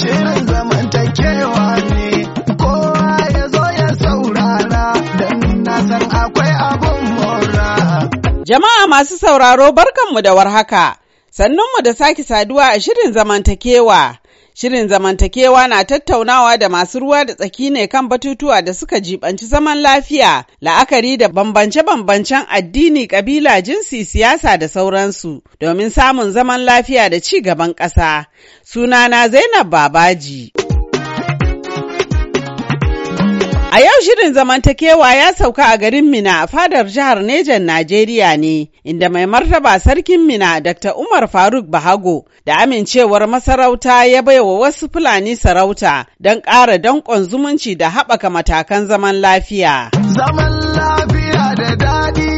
Shirin zamantakewa ne kowa ya zo ya saurara don na san akwai abun mora. Jama'a masu sauraro barkanmu da warhaka, sannunmu da sake saduwa a shirin zamantakewa. Shirin zamantakewa na tattaunawa da masu ruwa da tsaki ne kan batutuwa da suka jibanci zaman lafiya, la'akari da bambance-bambancen addini, kabila, jinsi, siyasa da sauransu domin samun zaman lafiya da ci gaban ƙasa. Sunana Zainab Babaji. A yau shirin zamantakewa ya sauka a garin Mina a fadar jihar Nejan Najeriya ne, inda mai martaba sarkin Mina Dr. Umar Faruk Bahago da amincewar masarauta ya baiwa wasu Fulani sarauta don ƙara danƙon zumunci da haɓaka matakan zaman lafiya. Zaman lafiya da daɗi.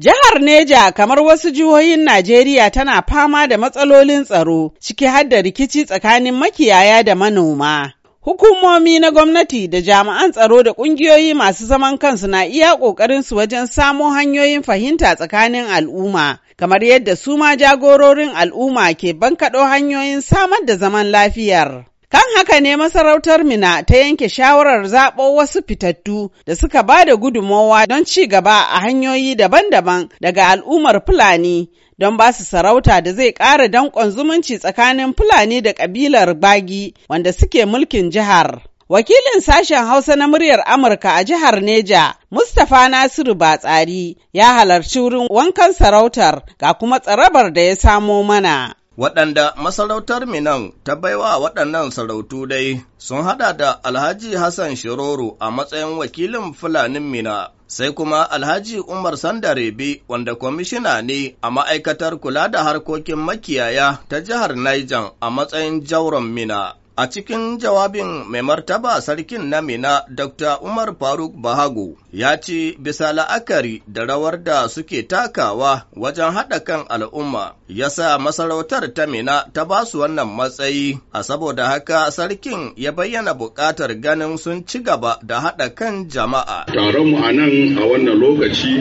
Jihar Neja kamar wasu jihohin Najeriya tana fama da matsalolin tsaro ciki har da rikici tsakanin makiyaya da manoma. Hukumomi na gwamnati da jami'an tsaro da ƙungiyoyi masu zaman kansu na iya su wajen samo hanyoyin fahimta tsakanin al'umma, kamar yadda su ma jagororin al'umma ke bankaɗo hanyoyin samar da zaman lafiyar. Kan haka ne masarautar Mina ta yanke shawarar zaɓo wasu fitattu da suka ba da gudummawa don ci gaba a hanyoyi daban-daban daga al'ummar Fulani don ba su sarauta da zai ƙara danƙon zumunci tsakanin Fulani da ƙabilar Bagi wanda suke mulkin jihar. Wakilin sashen Hausa na muryar Amurka a jihar Neja, Mustapha Nasiru Batsari, ya halarci wurin wankan sarautar ga kuma tsarabar da ya samo mana. waɗanda masarautar Minan ta baiwa waɗannan sarautu dai sun haɗa da Alhaji Hassan Shiroro a matsayin wakilin Fulanin Mina, sai kuma Alhaji Umar Sandarebe wanda kwamishina ne a ma'aikatar kula da harkokin makiyaya ta jihar Niger a matsayin jauron Mina. A cikin jawabin mai martaba sarkin na Mina, Dr. Umar Faruk Bahago ya ce bisa la'akari da rawar da suke takawa wajen haɗa kan al'umma, ya sa masarautar ta Mina ta ba su wannan matsayi, a saboda haka sarkin ya bayyana buƙatar ganin sun ci gaba da haɗa kan jama'a. mu a nan a wannan lokaci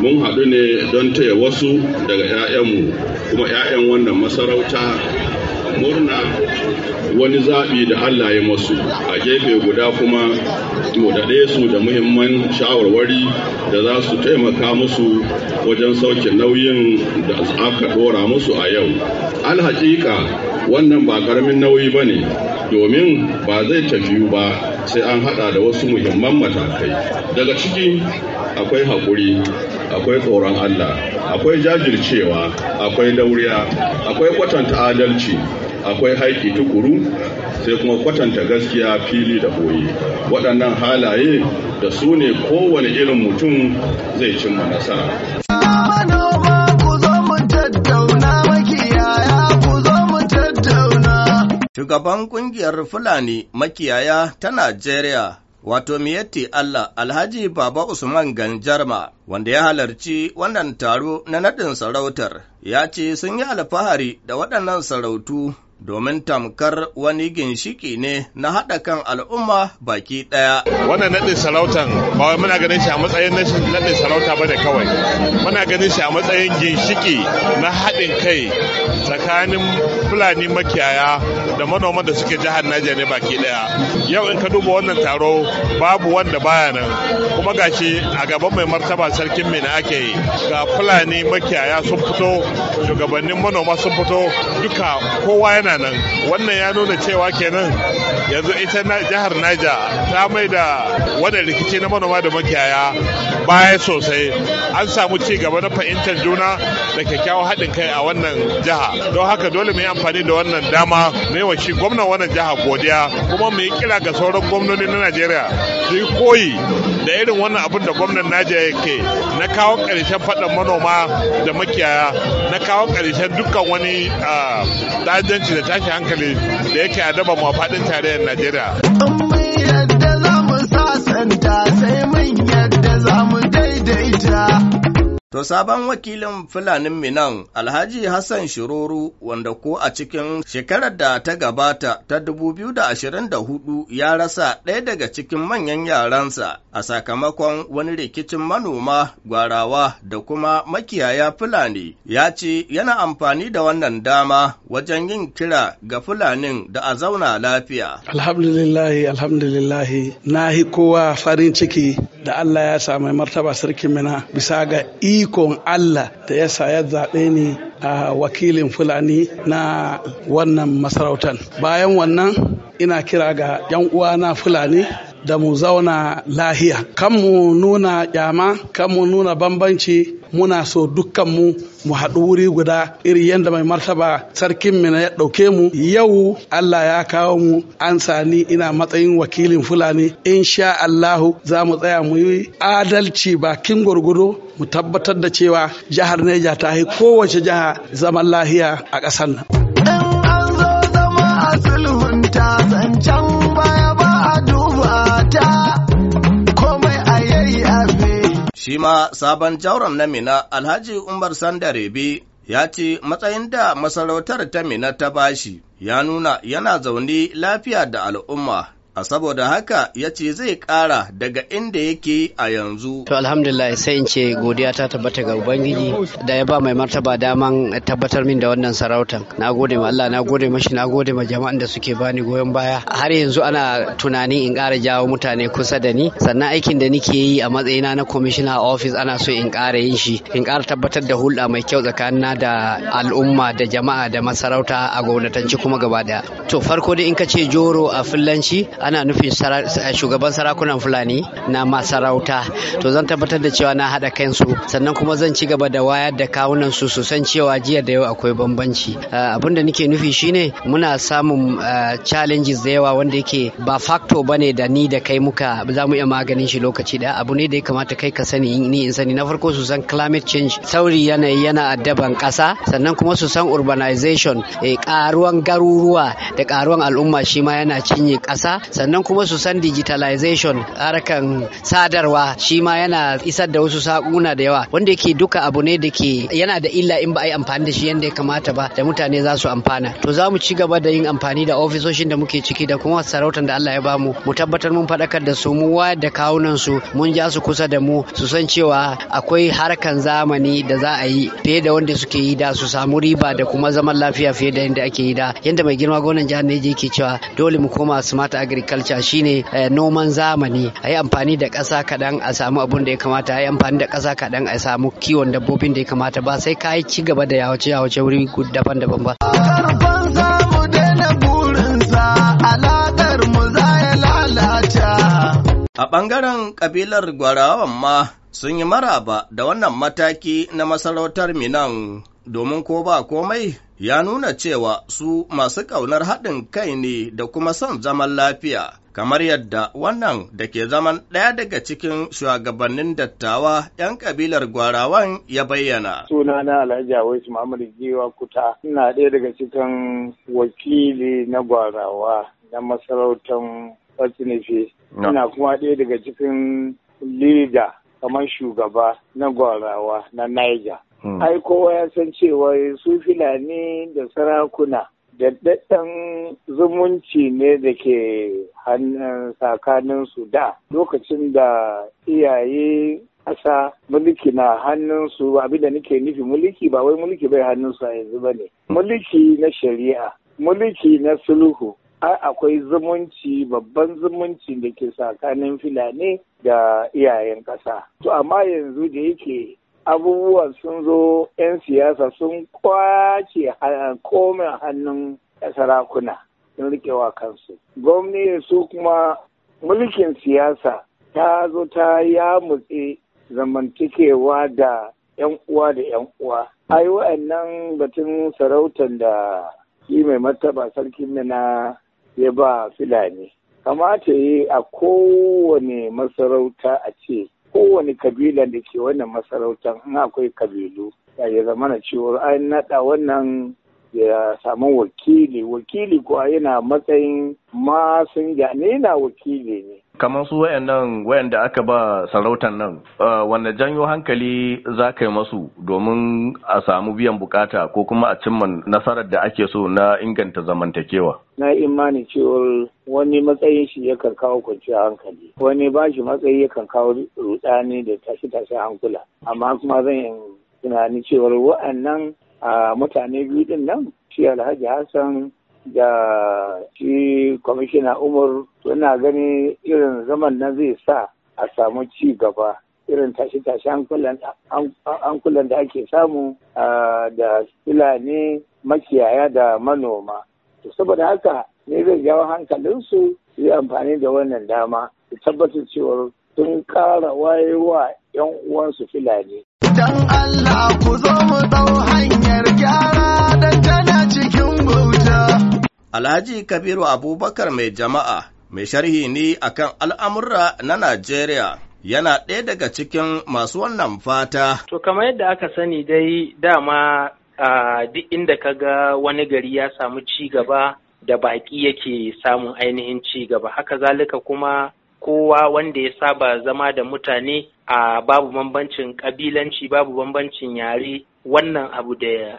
mun haɗu ne don taya wasu daga 'ya'yanmu kuma 'ya'yan wannan masarauta murna wani zaɓi da Allah ya masu a gefe guda kuma daɗe su da muhimman shawarwari da za su taimaka musu wajen sauke nauyin da aka ɗora musu a yau alhaƙiƙa wannan ba ƙaramin nauyi ba ne domin ba zai tafiyu ba sai an haɗa da wasu muhimman matakai daga ciki akwai haƙuri akwai tsoron Allah akwai jajircewa akwai dauriya akwai kwatanta adalci akwai haiki tukuru sai kuma kwatanta gaskiya fili da boye waɗannan halaye da su ne kowane irin mutum zai cimma nasara Shugaban kungiyar Fulani makiyaya ta Najeriya wato Miyetti Allah Alhaji Baba Usman Ganjarma, wanda ya halarci wannan taro na naɗin sarautar, ya ce sun yi alfahari da waɗannan sarautu domin tamkar wani ginshiki ne na haɗa kan al'umma baki ɗaya. Wannan naɗin sarautan ba wai muna ganin shi a matsayin naɗin sarauta ba da kawai, muna ganin shi a matsayin ginshiki na haɗin kai tsakanin Fulani makiyaya da manoman da suke jihar Niger ne baki daya yau in ka duba wannan taro babu wanda baya nan kuma gashi a gaban mai martaba sarkin mai na ake yi ga fulani makiyaya sun fito shugabannin manoma sun fito duka kowa yana nan wannan ya nuna cewa kenan yanzu ita jihar Naija ta mai da wannan rikici na manoma da makiyaya baya sosai an samu ci gaba na fahimtar juna da kyakkyawan haɗin kai a wannan jiha don haka dole mu yi amfani da wannan dama mai yawan shi gwamnan wannan jiha godiya kuma mu yi kira ga sauran gwamnoni na Najeriya su yi koyi da irin wannan abin da gwamnan Naja yake na kawo ƙarshen faɗan manoma da makiyaya na kawo ƙarshen dukkan wani dajanci da tashi hankali da yake a mu ma faɗin tarayyar Najeriya. yadda za mu sasanta sai mun yadda za mu daidaita. To sabon wakilin Fulanin Minan Alhaji Hassan Shiroro wanda ko a cikin shekarar da ta gabata ta 2024 ya rasa ɗaya daga cikin manyan yaransa a sakamakon wani rikicin manoma gwarawa da kuma makiyaya Fulani ya ce yana amfani da wannan dama wajen yin kira ga Fulanin da a zauna lafiya. Alhamdulillahi, alhamdulillahi, na kowa farin ciki da Allah ya sami martaba sarkin mina bisa ga ikon Allah da ya sa ya zaɓe ni a wakilin Fulani na wannan masarautan Bayan wannan ina kira ga 'yan uwa na Fulani da mu zauna lahiya kan mu nuna kyama kan mu nuna bambanci muna so dukkan mu mu haɗu wuri guda iri yadda mai martaba sarkin mina ya ɗauke mu yau Allah ya kawo mu an sani ina matsayin wakilin fulani insha Allahu za mu tsaya mu yi adalci bakin gurguru mu tabbatar da cewa jihar Neja ta yi kowace jiha zaman lahiya a ƙasar nan. an ba Shi ma sabon jauram na Mina Alhaji Umar Sandarebe ya ce matsayin da masarautar ta Mina ta bashi ya nuna yana zaune lafiya da al'umma a saboda haka ya ce zai ƙara daga inda yake a yanzu. To alhamdulillah sai in ce godiya ta tabbata ga Ubangiji da ya ba mai martaba daman tabbatar min da wannan sarautan. Na gode ma Allah, na gode mashi, na gode ma jama'an da suke bani goyon baya. Har yanzu ana tunani in ƙara jawo mutane kusa da ni. Sannan aikin da nike yi a matsayina na commissioner office ana so in ƙara yin shi, in ƙara tabbatar da hulɗa mai kyau tsakanina da al'umma da jama'a da masarauta a gwamnatanci kuma gaba daya To farko dai in ka ce joro a fillanci ana nufin eh, shugaban sarakunan fulani na masarauta to zan tabbatar da cewa na haɗa kansu sannan kuma zan ci gaba da wayar da kawunan su su san cewa jiya da yau akwai bambanci eh, abin da nake nufi shine muna samun eh, challenges da yawa wanda yake ba factor bane da ni da kai muka za mu iya maganin shi lokaci da abu ne da ya kamata kai ka sani ni in sani na farko su san climate change sauri yanayi yana addaban kasa sannan kuma su san urbanization ƙaruwan garuruwa da ƙaruwan al'umma shi ma yana cinye kasa. sannan kuma su san digitalization harkan sadarwa shi ma yana isar da wasu sakuna da yawa wanda yake duka abu ne da ke yana da illa in ba a yi amfani da shi yadda ya kamata ba da mutane za su amfana to za mu ci gaba da yin amfani da ofisoshin da muke ciki da kuma sarautar da Allah ya bamu mu tabbatar mun faɗakar da su mu wayar da kawunan su mun ja su kusa da mu su san cewa akwai harkan zamani da za a yi fiye da wanda suke yi da su samu riba da kuma zaman lafiya fiye da yadda ake yi da yadda mai girma gonan jihar Neja ke cewa dole mu koma smart agri agriculture shine eh, noman zamani a yi amfani da ƙasa kaɗan a samu abun da ya kamata a amfani da ƙasa kaɗan a samu kiwon dabbobin da ya kamata ba sai ka yi ci gaba da yawace yawace wuri daban-daban ba. A ɓangaren ƙabilar Gwarawan ma sun yi maraba da wannan mataki na masarautar Minan. domin ko ba komai ya nuna cewa su masu ƙaunar haɗin kai ne da kuma son zaman lafiya, kamar yadda wannan da ke zaman ɗaya daga cikin shugabannin dattawa 'yan kabilar gwarawan ya bayyana. Suna na Alhaji Awais Muhammadu Giwa Kuta, ina ɗaya daga cikin wakili na gwarawa na masarautar Fatsinife. Ina kuma ɗaya daga cikin lida kamar shugaba na gwarawa na Niger. Hmm. ai kowa ya san cewa su filani da sarakuna daddaɗɗen zumunci ne da ke hannun tsakaninsu da lokacin da iyaye ƙasa mulki na hannunsu abinda nake nufi mulki ba wai mulki bai hannunsu a yanzu ba ne mulki na shari'a mulki na sulhu ai akwai zumunci babban zumunci da ke tsakanin filani da iyayen ƙasa to amma yanzu da yake Abubuwan sun zo 'yan siyasa sun kwace komen hannun sarakuna sun rikewa kansu gwamnati su kuma mulkin siyasa ta zo ta ya mutse zamantakewa da 'yan uwa da 'yan uwa ai wa'annan batun sarautar da shi mai mataba, sarkin na ya ba fulani kamata yi a kowane masarauta a ce kowane kabila da ke wannan masarautar in akwai kabilu ya zama na cewa an naɗa wannan ya samu wakili wakili kuwa yana matsayin masu ne na wakili ne kamar su wayannan wayanda aka ba sarautan nan uh, wanda janyo hankali za ka yi masu domin a samu biyan bukata ko kuma a cimma nasarar da ake so na inganta zamantakewa na imani cewar wani matsayin shi yakan kawo kwanciyar hankali wani ba shi matsayi yakan kawo rudani da tashi tashi hankula amma kuma zan yi tunani cewar wa'annan uh, mutane biyu din nan shi alhaji hassan da shi kwamishina umar suna gani irin zaman nan zai sa a samu ci gaba irin tashe-tashe ankulan da ake samu da filani makiyaya da manoma. To saboda haka ne zai jawo hankalinsu su yi amfani da wannan dama su tabbatar cewa sun ƙara wayewa 'yan uwansu filani. Dan Allah ku zo mu ɗau hanyar gyara don tana cikin bauta. Alhaji Kabiru Abubakar mai jama'a mai sharhi ne kan al'amurra na Najeriya. Yana ɗaya daga cikin masu wannan fata. To, kamar yadda aka sani dai dama a duk inda ka ga wani gari ya samu ci gaba da baƙi yake samun ainihin ci gaba. Haka zalika kuma kowa wanda ya saba zama da mutane a babu bambancin ƙabilanci, babu bambancin yare wannan abu da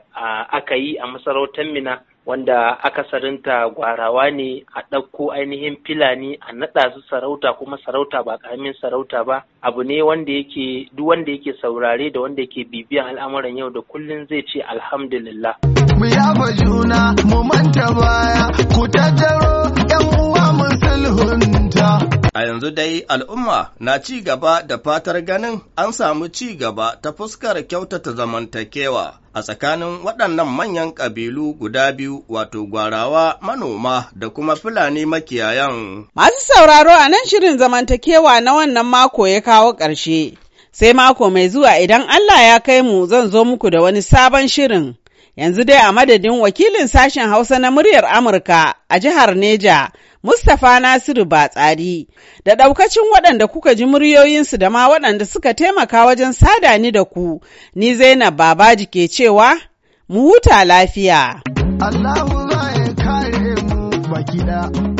aka yi a masarautar mina wanda akasarinta gwarawa ne a ɗauko ainihin filani a naɗa su sarauta kuma sarauta ba ƙaramin sarauta ba abu ne wanda yake duk wanda yake saurare da wanda yake bibiyan al'amuran yau da kullum zai ce alhamdulillah. Mu yafa juna mu manta baya ku tattaro 'yan uwa A yanzu dai al'umma na ci gaba da fatar ganin an samu ci gaba ta fuskar kyautata zamantakewa a tsakanin waɗannan manyan ƙabilu guda biyu wato gwarawa manoma da kuma fulani makiyayan. Masu sauraro a nan shirin zamantakewa na wannan mako ya kawo ƙarshe. Sai mako mai zuwa idan Allah ya kai mu zan zo muku da wani sabon shirin. Yanzu dai a madadin wakilin sashen Hausa na muryar Amurka a jihar Neja. Mustapha Nasiru Batsari da ɗaukacin waɗanda kuka ji muryoyinsu da ma waɗanda suka taimaka wajen sada ni da ku, ni Zainab Babaji ke cewa, mu huta lafiya. Allahu kare mu baki